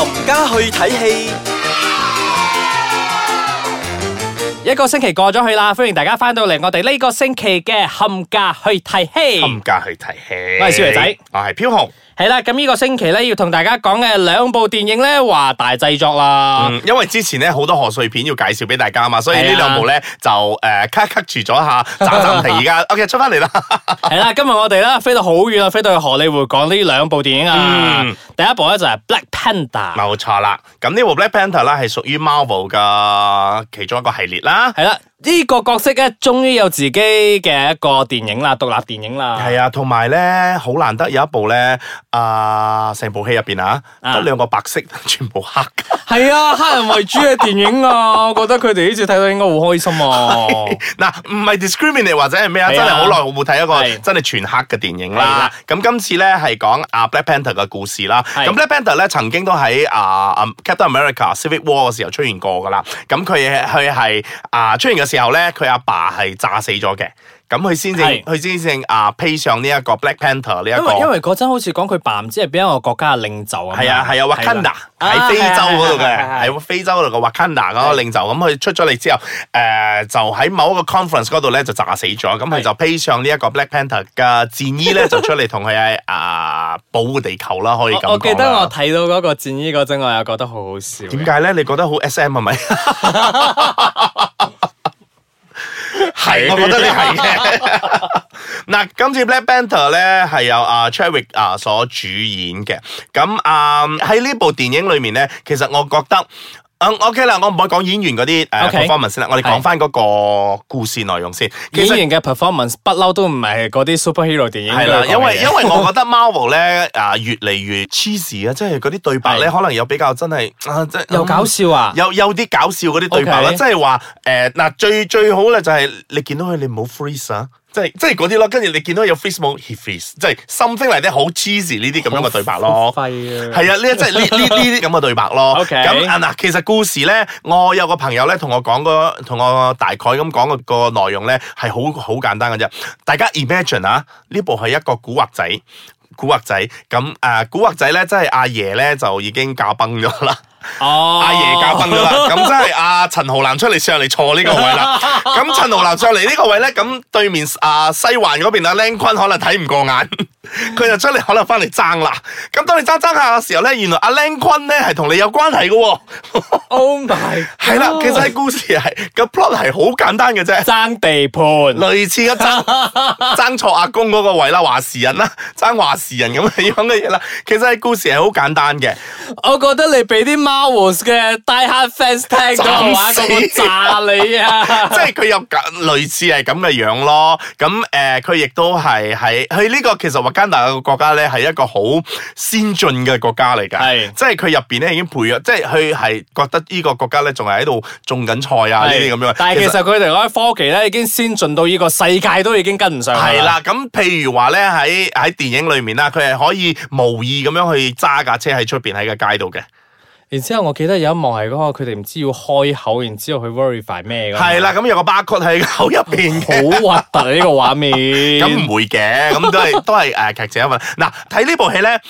冚家去睇戲。一個星期過咗去啦，歡迎大家翻到嚟。我哋呢個星期嘅冚家去睇戲，冚家去睇戲。我係小肥仔，我係飄紅。係啦，咁呢個星期咧，要同大家講嘅兩部電影咧，話大製作啦、嗯。因為之前咧好多賀歲片要介紹俾大家啊嘛，所以兩呢兩部咧就誒、呃、卡、卡住咗一下，暫暫停。而家 O K 出翻嚟啦。係 啦，今日我哋咧飛到好遠啊，飛、飛到去荷里活講呢兩部電影啊。嗯、第一部咧就係 Black Panther 冇錯啦。咁呢部 Black Panther 咧係屬於 Marvel 嘅其中一個系列啦。係啦。呢個角色咧，終於有自己嘅一個電影啦，獨立電影啦。係啊，同埋咧，好難得有一部咧，呃、部啊，成部戲入邊啊，得兩個白色，全部黑。係 啊，黑人為主嘅電影啊， 我覺得佢哋呢次睇到應該好開心啊。嗱、 啊，唔係 discriminate 或者係咩啊，真係好耐冇睇一個真係全黑嘅電影啦。咁、啊、今次咧係講阿 Black Panther 嘅故事啦。咁是 Black Panther 咧曾經都喺啊、uh,，Captain America Civil War 嘅時候出現過噶啦。咁佢佢係啊，出現嘅時候咧，佢阿爸係炸死咗嘅，咁佢先至，佢先正啊披上呢一個 Black Panther 呢一個，因為嗰陣好似講佢爸唔知係邊一個國家嘅領袖啊，係啊係啊，Wakanda 喺非洲嗰度嘅，喺非洲嗰度嘅 Wakanda 嗰個領袖，咁佢出咗嚟之後，誒就喺某一個 conference 嗰度咧就炸死咗，咁佢就披上呢一個 Black Panther 嘅戰衣咧就出嚟同佢啊保護地球啦，可以咁講啦。我記得我睇到嗰個戰衣嗰陣，我又覺得好好笑，點解咧？你覺得好 SM 係咪？係， 我覺得你係嘅。嗱，今次《Black Panther》咧係由阿 Chadwick 啊所主演嘅。咁啊喺呢部電影裏面咧，其實我覺得。OK 啦，我唔再講演員嗰啲誒 performance 啦，我哋講翻嗰個故事內容先。的其實演員嘅 performance 不嬲都唔係嗰啲 superhero 電影係啦，因為 因為我覺得 Marvel 咧，啊越嚟越 cheesy 啊，即係嗰啲對白咧 可能有比較真係啊，即係又、嗯、搞笑啊，有有啲搞笑嗰啲對白啦，即係話誒嗱最最好咧就係你見到佢你唔好 freeze 啊。即係即係嗰啲咯，跟住你見到有 face more h e face，即係心聲嚟者好 cheesy 呢啲咁樣嘅對白咯，係啊，呢一、啊、即係呢呢啲咁嘅對白咯。咁啊嗱，其實故事咧，我有個朋友咧同我講個，同我大概咁講個個內容咧係好好簡單嘅啫。大家 imagine 啊，呢部係一個古惑仔，古惑仔咁啊，嗯、呃、古惑仔咧真係阿爺咧就已經駕崩咗啦。哦，阿爺駕崩咗啦，咁即係阿陳浩南出嚟上嚟坐呢個位啦。咁陳浩南上嚟呢個位咧，咁對面阿、啊、西環嗰邊阿靚坤可能睇唔過眼。 佢就出嚟可能翻嚟爭啦，咁當你爭爭下嘅時候咧，原來阿 Len 坤咧係同你有關係嘅。 oh my，係啦，其實係故事係個 plot 係好簡單嘅啫。 爭地盤，類似一爭爭錯阿公嗰個位啦，話事人啦，爭話事人咁樣嘅嘢啦。其實係故事係好簡單嘅。我覺得你俾啲 Marvel 嘅 Die Hard fans 聽暫時 個話，咁我炸你啊！ 即係佢有咁類似係咁嘅樣咯。咁誒，佢、呃、亦都係喺佢呢個其實加拿大個國家咧係一個好先進嘅國家嚟㗎，即係佢入邊咧已經培育，即係佢係覺得呢個國家咧仲係喺度種緊菜啊呢啲咁樣。是但係其實佢哋嗰啲科技咧已經先進到呢個世界都已經跟唔上。係啦，咁譬如話咧喺喺電影裏面啦，佢係可以無意咁樣去揸架車喺出邊喺個街度嘅。然之後，我記得有一幕係嗰、那個，佢哋唔知要開口，然之後去 verify 咩？係啦，咁、 嗯、有個 barcode 喺口入邊，好核突呢個畫畫面。咁 唔、嗯、會嘅，咁、嗯、都係都係誒劇情一份。嗱、啊，睇呢部戲咧。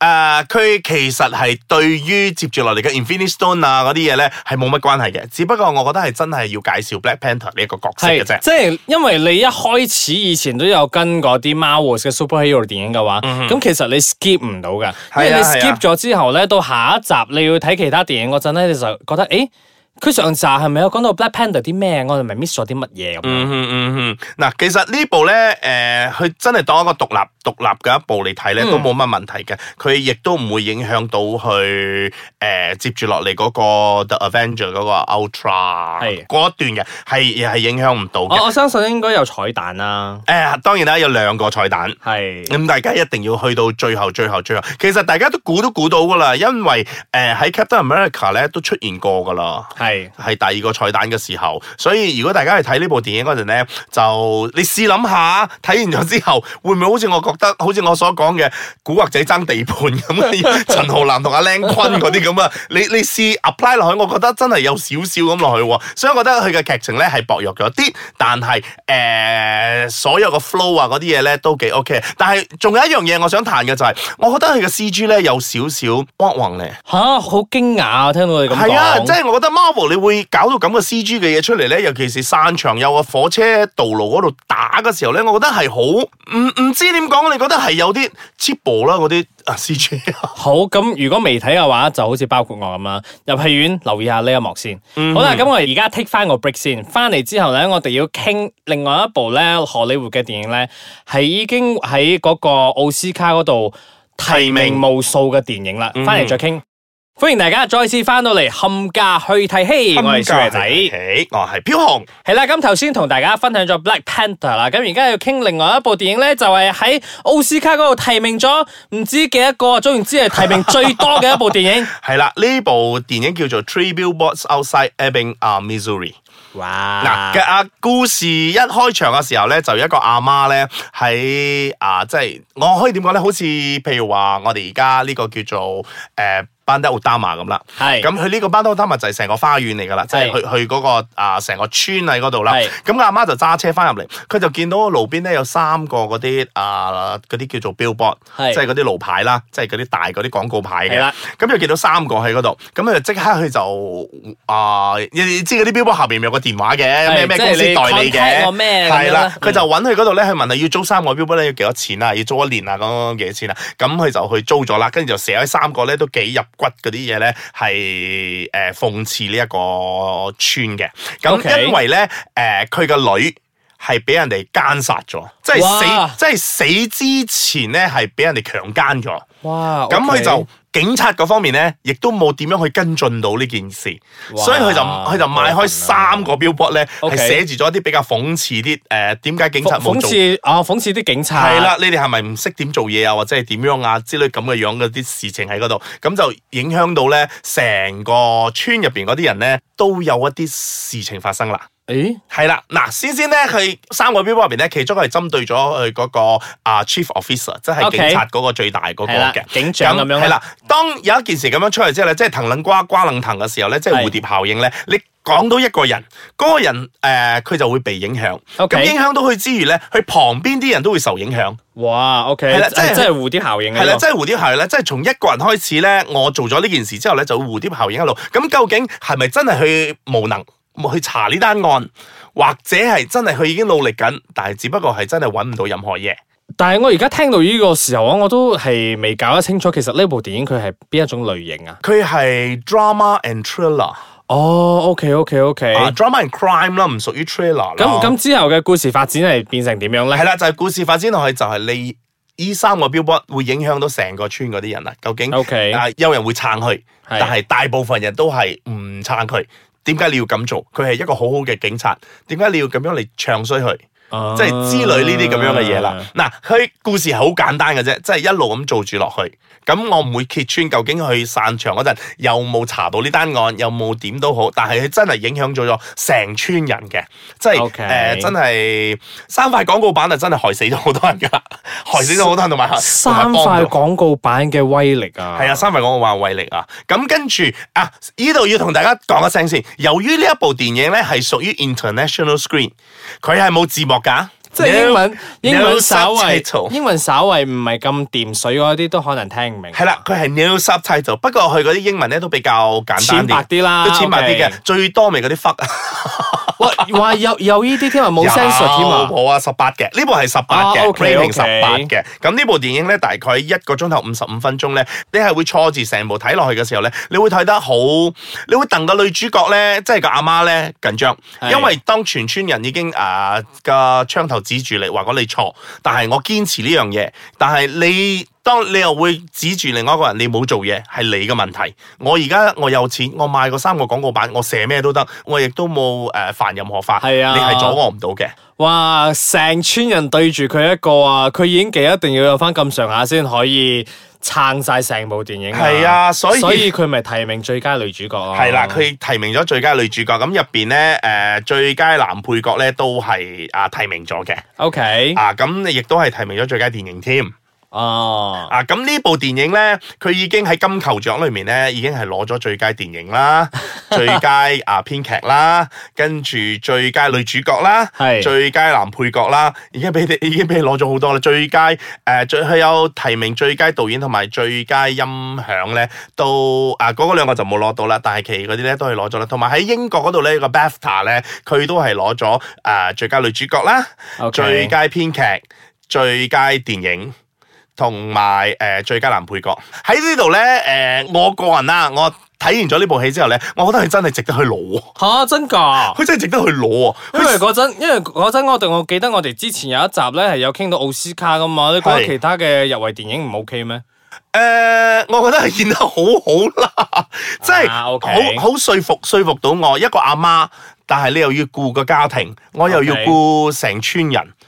誒，佢、uh, 其實係對於接住落嚟嘅 Infinity Stone 啊嗰啲嘢咧，係冇乜關係嘅。只不過我覺得係真係要介紹 Black Panther 呢一個角色嘅啫是。已即係因為你一開始以前都有跟嗰啲 Marvel 嘅 Superhero 電影嘅話，咁、嗯、哼其實你 skip 唔到噶。啊、因為你 skip 咗之後咧，啊啊、到下一集你要睇其他電影嗰陣咧，你就覺得誒。欸佢上集係咪有講到 Black Panther 啲咩？我哋咪 miss 咗啲乜嘢咁？嗯嗯嗯，嗱、啊，其實呢部咧，誒、呃，佢真係當一個獨立獨立嘅一部嚟睇咧，都冇乜問題嘅。佢亦都唔會影響到去誒、呃、接住落嚟嗰個 The Avengers 嗰個 Ultra 係嗰是一段嘅，係係影響唔到嘅。我相信應該有彩蛋啦。誒、呃，當然啦，有兩個彩蛋係。咁是、嗯、大家一定要去到最後、最後、最後。其實大家都估都估到噶啦，因為誒喺、呃、Captain America 咧都出現過噶啦。係第二個彩蛋嘅時候，所以如果大家去睇呢部電影嗰陣呢，就你試諗下，睇完咗之後，會唔會好似我覺得，好似我所講嘅古惑仔爭地盤咁啊？ 陳浩南同阿靚坤嗰啲咁啊，你你試 apply 落去，我覺得真係有少少咁落去，所以我覺得佢嘅劇情呢係薄弱咗啲，但係誒、呃，所有嘅 flow 啊嗰啲嘢呢都幾 ok，但係仲有一樣嘢我想談嘅就係、是，我覺得佢嘅 CG 呢有少少凹渾咧吓，好驚訝啊！聽到你咁係啊，即、就、係、是、我覺得、Marvel 你會搞到咁嘅 C G 嘅嘢出嚟咧？尤其是散場有個火車道路嗰度打嘅時候咧，我覺得係好唔唔知點講，你覺得係有啲 cheap 啦嗰啲啊 C G？好咁，如果未睇嘅話，就好似包括我咁啊。入戲院留意下呢一幕先。嗯、哼好啦，咁我哋而家 take 翻個 break 先，翻嚟之後咧，我哋要傾另外一部咧荷里活嘅電影咧，係已經喺嗰個奧斯卡嗰度提名無數嘅電影啦。翻嚟名、嗯、哼再傾。歡迎大家再次翻到嚟冚家去睇戲，嘿，我係帥仔， 底我係飄紅，係啦，咁頭先同大家分享咗 Black Panther 啦，咁而家要傾另外一部電影咧，就係喺奧斯卡嗰度提名咗唔知幾多個，總言之係提名最多嘅一部電影，係啦，呢部電影叫做 Three Billboards Outside Ebbing,、uh, Missouri。哇！嗱嘅阿故事一開場嘅時候咧，就有一個阿媽咧喺啊，即係我可以點講咧？好似譬如話我哋而家呢個叫做誒班德奧達瑪咁啦，係咁佢呢個班德奧達瑪就係成個花園嚟噶啦，即係去去嗰個啊成個村喺嗰度啦。咁阿媽就揸車翻入嚟，佢就見到路邊咧有三個嗰啲啊嗰啲叫做 billboard，即係嗰啲路牌啦，即係嗰啲大嗰啲廣告牌嘅。咁就見到三個喺嗰度，咁佢就即刻佢就啊，你知嗰啲 billboard 下邊。有個電話嘅，咩咩是公司代理嘅，咩？係啦的，佢、嗯、就揾佢嗰度咧，去問啊，要租三個標本要幾多錢啊？要租一年啊，咁樣幾多，多錢啊？咁佢就去租咗啦，跟住就寫咗三個咧，都幾入骨嗰啲嘢咧，係誒諷刺呢一個村嘅。咁因為咧，誒佢個女係俾人哋姦殺咗，即係死，哇即係死之前咧係俾人哋強姦咗。哇！咁、okay. 佢就。警察嗰方面咧，亦都冇點樣去跟進到呢件事，哇所以佢就佢就賣開三個標板咧，係、okay. 寫住咗一啲比較諷刺啲誒，點、呃、解警察諷刺啊、哦？諷刺啲警察係啦，你哋係咪唔識點做嘢啊？或者係點樣啊之類咁嘅樣嗰啲事情喺嗰度，咁就影響到咧成個村入邊嗰啲人咧，都有一啲事情發生啦。誒，係啦、欸，嗱，先先咧，佢三個標框入邊咧，其中係針對咗佢嗰個啊、uh, Chief Officer，Okay. 即係警察嗰個最大嗰、那個嘅警長咁樣那。係啦了，當有一件事咁樣出嚟之後咧，嗯、即係藤擰瓜，瓜擰藤嘅時候咧，即係蝴蝶效應咧。你講到一個人，嗰個人誒，佢就會被影響。咁 Okay. 影響到佢之餘咧，佢旁邊啲人都會受影響。哇，OK，係啦，即係即係蝴蝶效應。係啦，即係蝴蝶效應咧，即係從一個人開始咧，我做咗呢件事之後咧，就蝴蝶效應一路。咁究竟係咪真係佢無能？去查呢單案，或者係真係佢已經努力緊，但係只不過係真係揾唔到任何嘢。但係我而家聽到呢個時候，我都係未搞得清楚，其實呢部電影佢係邊一種類型啊？佢係 drama and trailer。哦，OK OK OK，drama and crime 啦，唔屬於 trailer。咁咁之後嘅故事發展係變成點樣咧？係啦，就係、是、故事發展落去就係你呢三個 billboard 會影響到成個村嗰啲人啦。究竟啊 Okay.、呃，有人會撐佢，但係大部分人都係唔撐佢。點解你要咁做？佢係一個好好嘅警察，點解你要咁樣嚟唱衰佢？嗯、即係之類呢啲咁樣嘅嘢啦。嗱、嗯，佢故事係好簡單嘅啫，即係一路咁做住落去。咁我唔會揭穿究竟佢散場嗰陣有冇查到呢單案，又有冇點都好。但係佢真係影響咗咗成村人嘅，即係誒 Okay.、呃，真係三塊廣告板啊，真係害死咗好多人噶，三 害死咗好多人同埋三塊廣告板嘅威力啊！係啊，三塊廣告板嘅威力啊！咁、嗯、跟住啊，呢度要同大家講一聲先。由於呢一部電影咧係屬於 International Screen，佢係冇字幕。噶，即係英文，new, 英文稍為，subtit 英文稍為唔係咁掂水嗰啲，都可能聽唔明。係啦，佢係 new subtitle，不過佢嗰啲英文咧都比較簡單啲，啦，都淺白啲嘅，Okay. 最多咪嗰啲 fuck。喂，話 有有呢啲聽話冇冇，censor 啊？十八嘅呢部係十八嘅，十八嘅。咁呢部電影咧，大概一個鐘頭五十五分鐘咧，你係會錯字成部睇落去嘅時候咧，你會睇得好，你會戥個女主角咧，即係個阿媽咧緊張，是因為當全村人已經啊個、呃、槍頭指住你，話講你錯，但係我堅持呢樣嘢，但係你。當你又會指住另外一個人，你冇做嘢係你嘅問題。我而家我有錢，我買過三個廣告版，我寫咩都得，我亦都冇誒犯任何法。係啊，你係阻我唔到嘅。哇！成村人對住佢一個啊，佢演技一定要有翻咁上下先可以撐晒成部電影、啊。係啊，所以所以佢咪提名最佳女主角咯、啊。係啦、啊，佢提名咗最佳女主角。咁入邊咧誒，最佳男配角咧都係啊提名咗嘅。OK，啊咁亦都係提名咗最佳電影添。哦，oh. 啊，咁呢部電影咧，佢已經喺金球獎裏面咧，已經係攞咗最佳電影啦、 最佳啊編劇啦，跟住最佳女主角啦，係是最佳男配角啦，已經俾你已經俾佢攞咗好多啦。最佳誒，仲、呃、係有提名最佳導演同埋最佳音響咧，都啊嗰、那個兩個就冇攞到啦，但係其餘嗰啲咧都係攞咗啦。同埋喺英國嗰度咧，個 BAFTA 咧，佢都係攞咗誒最佳女主角啦、Okay. 最佳編劇、最佳電影。同埋誒最佳男配角喺呢度咧誒，我個人啦，我睇完咗呢部戲之後咧，我覺得佢真係值得去攞嚇、啊，真㗎，佢真係值得去攞，因為嗰陣，他因為嗰陣我哋，我記得我哋之前有一集咧，係有傾到奧斯卡㗎嘛，是你覺得其他嘅入圍電影唔 OK 咩？誒、呃，我覺得佢演得好好啦，即 係真是、啊 okay、好好説服説服到我一個阿媽，媽，但係你又要顧個家庭，我又要顧成村人。Okay。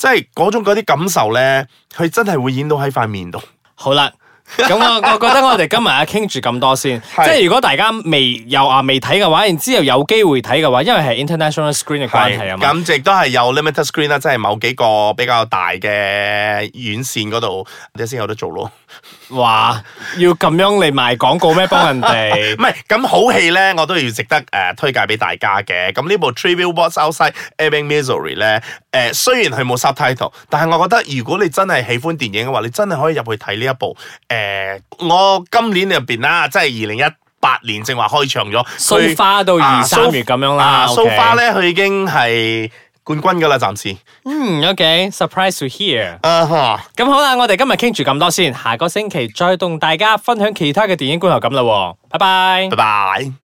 即係嗰種嗰啲感受咧，佢真係會演到喺塊面度。好啦。咁 我我覺得我哋今日啊傾住咁多先，是即係如果大家未有啊未睇嘅話，然之後有機會睇嘅話，因為係 international screen 嘅關係啊嘛，咁亦都係有 limited screen 啦，即係某幾個比較大嘅院線嗰度，你先有得做咯。哇， 要咁樣嚟賣廣告咩？幫人哋？唔係， 咁好戲咧，我都要值得誒、呃、推介俾大家嘅。咁呢部 Three Billboards Outside Ebbing, Missouri 咧，誒、呃，雖然佢冇 subtitle，但係我覺得如果你真係喜歡電影嘅話，你真係可以入去睇呢一部誒。呃誒、呃，我今年入邊啦，即係二零一八年正話開場咗，數花到二三月咁樣啦。啊，數花咧，佢已經係冠軍噶啦，暫時。嗯，OK，surprise、okay, to hear、uh。啊，咁好啦，我哋今日傾住咁多先，下個星期再同大家分享其他嘅電影觀後感啦。拜拜，拜拜。